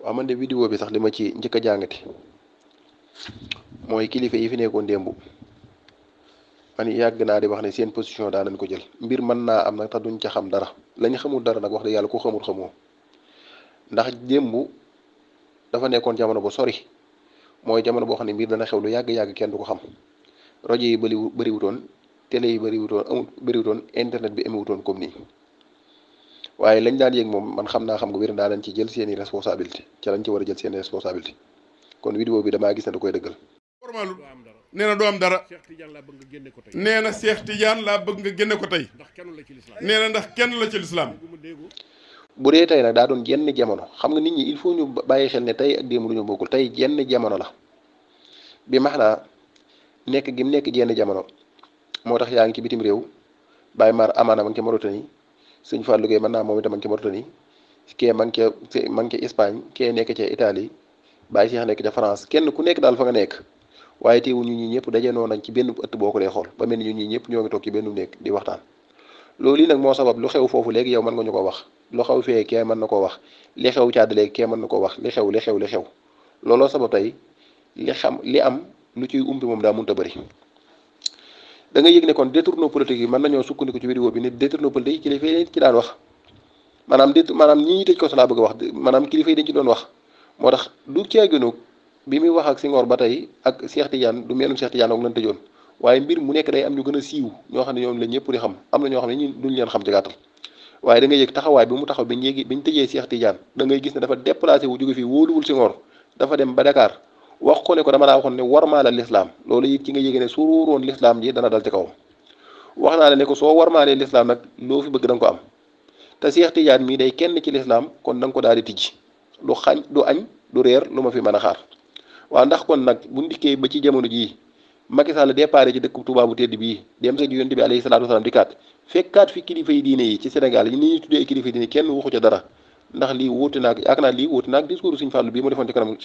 waaw man de vidéo bi sax li ma ci njëkk a jàngati mooy kilifa yi fi nekkoon démb man yàgg naa di wax ne seen position daan nañ ko jël mbir mën naa am nag tax duñ ca xam dara lañ xamul dara nag wax dëgg yàlla ku xamul xamoo ndax démb dafa nekkoon jamono bu sori mooy jamono boo xam ne mbir dana xew lu yàgg-yàgg kenn du ko xam rajo yi bëri bëriwutoon télé yi bëriwutoon amul bëriwutoon internet bi amewutoon comme nii waaye lañ daan yëg moom man xam naa xam nga wér naa dañ ci jël seeni responsabilité ca lañ ci war a jël seeni responsabilité kon vidéo bi damaa gis ne da koy dëggal formalul nee na doo am dara nee na Cheikh Tidiane laa bëgg nga génne ko tey nee na ndax kenn la ci lislaam bu dee tey nag daa doon jenn jamono xam nga nit ñi il faut ñu bàyyi xel ne tey ak démb lu ñu bokkul tey jenn jamono la bi max naa nekk gi nekk jenn jamono moo tax yaa ngi ci bitim réew Baye Mar amaana ma ngi ca Mauritanie sëñ Fallou Gueye mën naa moom itam ma ngi ca Mauritanie kee ma ngi ca ma Espagne kee nekk ca Italie bàyyi Cheikh nekk ca France kenn ku nekk daal fa nga nekk waaye teewul ñu ñi ñëpp daje noo nañ ci benn ëtt boo ko dee xool ba mel ni ñu ñi ñëpp ñoo ngi toog ci benn nekk di waxtaan loolu yi nag moo sabab lu xew foofu léegi yow man nga ñu ko wax lu xew fee kee mën na ko wax li xew càdd kee mën na ko wax li xew li xew li xew looloo sabab tey li xam li am lu ciy umpi moom daa munta bëri dangay yéeg ne kon détournement politique yi mën nañoo sukkandiku ci vidéo bi ne détournement politique yi ci daan wax maanaam dét maanaam ñi ñuy tëj ko sa laa bëgg a wax maanaam kilifa yi dañ doon wax moo tax du caaginu bi muy wax ak Senghor ba tey ak Cheikh Tidiane du meenum Cheikh Tidiane ak lan tëjoon waaye mbir mu nekk day am ñu gën a siiw ñoo xam ne ñoom la ñëpp di xam am na ñoo xam ne ñu duñ leen xam ci gàttal waaye da ngay yëg taxawaay bi mu taxaw bi ñu yéegi bi ñu tëjee Cheikh Tidiane da ngay gis ne dafa déplacé wu jóge fii wóoluwul Senghor dafa dem ba Dakar wax ko ne ko dama laa waxoon ne war maa la lislaam loolu it ci nga yéege ne su ruuroon lislaam ji dana dal ci kawam wax naa la ne ko soo war maalee lislaam nag loo fi bëgg da ko am te Seex Tijaan mii day kenn ci lislaam kon da nga ko daal di tijji lu xañ du añ du réer lu ma fi mën a xaar waaw ndax kon nag bu ndikkee ba ci jamono jii Macky Sall départ ci dëkk Touba bu tedd bii dem sa yonte bi alayhi salaatu wasalaam dikkaat fekkaat fi kilifa yi diine yi ci Sénégal yi ni ñuy tuddee kilifa kenn waxu ca dara ndax lii wuute naag yaakaar naa lii wuute naag mu defoon ci kanam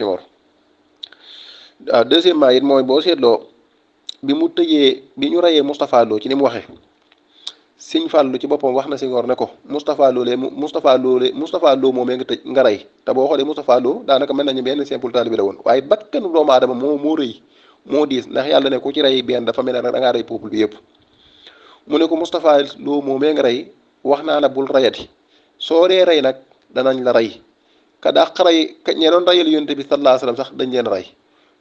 waaw ah, deuxièmement it mooy boo seetloo bi mu tëjee bi ñu reyee Moustapha Lo ci ni mu waxee Sëñ Fàllu ci boppam wax na si ngor ne ko Moustapha Lo lee Moustapha Lo lee Moustapha moomee nga tëj nga rey te boo xoolee Moustapha Lo daanaka mel nañu benn simple taalibe la woon waaye bakkanu doomu aadama moo moo rëy moo diis ndax yàlla ne ku ci rey benn dafa mel ne da ngaa rey yëpp mu ne ko Moustapha Lo moomee nga rey wax naa la bul rayati soo dee rey nag danañ la rey ka dàq rey ka ñee doon reyal yonte bi sax dañ leen rey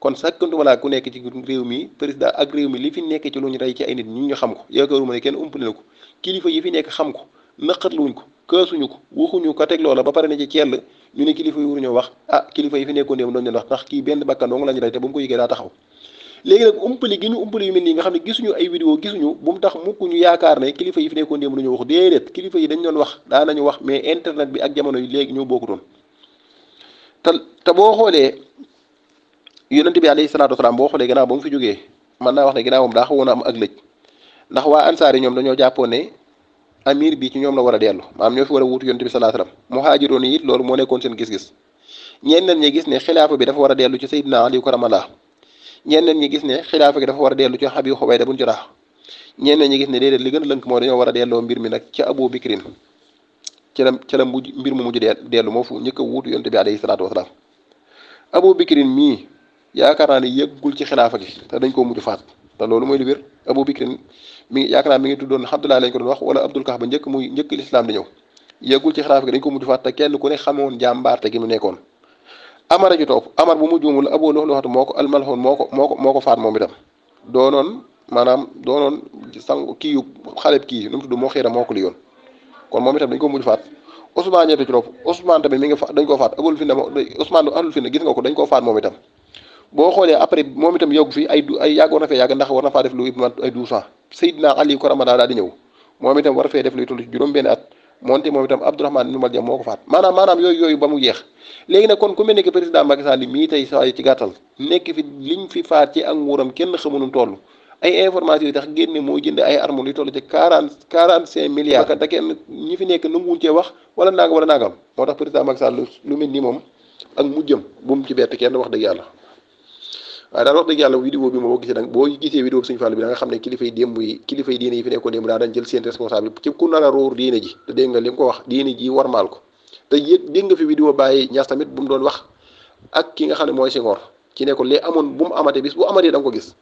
kon sàkkantuma laa ku nekk ci réew mi président ak réew mi li fi nekk ci lu ñu rey ci ay nit ñun ñu xam ko yaakaaruma ne kenn umpale ko kilifa yi ko naqatluwuñ ko kaasuñu ko waxuñu ko ba pare ne ci cell ñu ne kilifa yi waruñoo wax ah kilifa yi fi nekkoon démb doon leen benn bakkan dong lañu rey te ba mu ko yëgee daa taxaw ñu ne gisuñu ay vidéo gisuñu bu mu tax mukk ñu yaakaar ne kilifa yi fi nekkoon démb dañoo wax déedéet kilifa yi dañ doon wax daa daanañu wax mais internet bi ak jamono yi léegi ñoo bokkutoon te te boo xoolee yonent bi alayhi salaatu wasalaam boo xoolee gannaaw ba mu fi jógee mën naa wax ne gannaawam daa xawoon a am ak lëj ndax waa ansaar ñoom dañoo jàppoon ne amir bi ci ñoom la war a dellu maanaam ñoo fi war a wuutu yonent bi salaatu salaam muhaajiroon yi it loolu moo nekkoon seen gis-gis ñeneen ñi gis ne xilaafa bi dafa war a dellu ci Seydina Ali karamallah ñeneen ñi gis ne xilaafa gi dafa war a dellu ci Abi Xubayda bun Jaraax ñeneen ñi gis ne déedéet li gën a lënk moo dañoo war a delloo mbir mi nag ca Abu Bikrin ca la ca la mujj mbir mu mujj dellu moo fu njëkk a wuutu yonent bi alayhi salaatu wasalaam Abu Bikrin mii yaakaar naa ne yëggul ci xilaafa gi te dañ koo mujj faat te loolu mooy li wér Abu Bakrin mi ngi yaakaar naa mi tuddoon Abdullah lañ doon wax wala Abdul Kahf ba njëkk muy njëkk lislaam di ñëw yëggul ci xilaafa gi dañ ko mujj faat te kenn ku ne xamoon jàmbaarte gi mu nekkoon amara ju topp amar bu mu juumul Abu Luhluh waxtu moo ko almalhoon moo ko moo ko moo ko faat moom itam doonoon maanaam doonoon sang kii yu xaleb kii nu moo xiira moo ko li ko mujj faat Ousmane ñetti trop Ousmane tamit mi ngi faat abul fi ne mo Ousmane gis nga ko dañ koo faat moom itam boo xoolee après moom itam yokku fi ay du ay yàgg na fee yàgg ndax war na faa def lu mat ay douze ans Seydina Ali Koramada daal di ñëw moom itam war fee def luy toll ci juróom-benn at moom itam Abdourahmane moo ko faat maanaam maanaam yooyu yooyu ba mu jeex léegi nag kon ku mel ne que président Macky Sall mii saa ci gàttal kenn xamunum toll ay information yi tax génne moo jënd ay armes luy toll ci quarante ñi fi nekk nanguwuñ cee wax wala nangam wala nangam moo tax président Macky Sall lu mel ni moom ak mujjëm bu mu ci bett kenn wax dëgg yàlla waaye daal wax dëgg yàlla vidéo bi moom boo gisee dang boo gisee vidéo bi suñu fàll bi da xam ne kilifay démb yi kilifay diine yi fi nekkoon démb daa dañ jël seen responsable ci ku nar a diine ji te dégg nga li mu ko wax diine ji warmaal ko te dégg nga fi vidéo bàyyi ñaas tamit bu mu doon wax ak ki nga xam ne mooy Senghor ci ne ko lee amoon bu mu amatee bis bu amatee da ko gis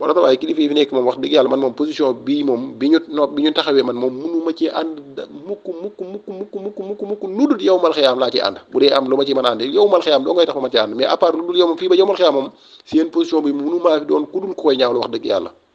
moo tax waaye kilifa fi nekk moom wax dëgg yàlla man moom position bii moom bi ñu no bi ñu taxawee man moom munu ci ànd mukk mukk mukk mukk mukk mukk mukk lu dul yow mal laa ci ànd bu dee am lu ma ci mën a ànd yow mal doo ngay tax ma ma ci ànd mais à lu dul yow moom fii ba yow mal moom seen position bi munu maa fi doon ku dul koy ñaaw wax dëgg yàlla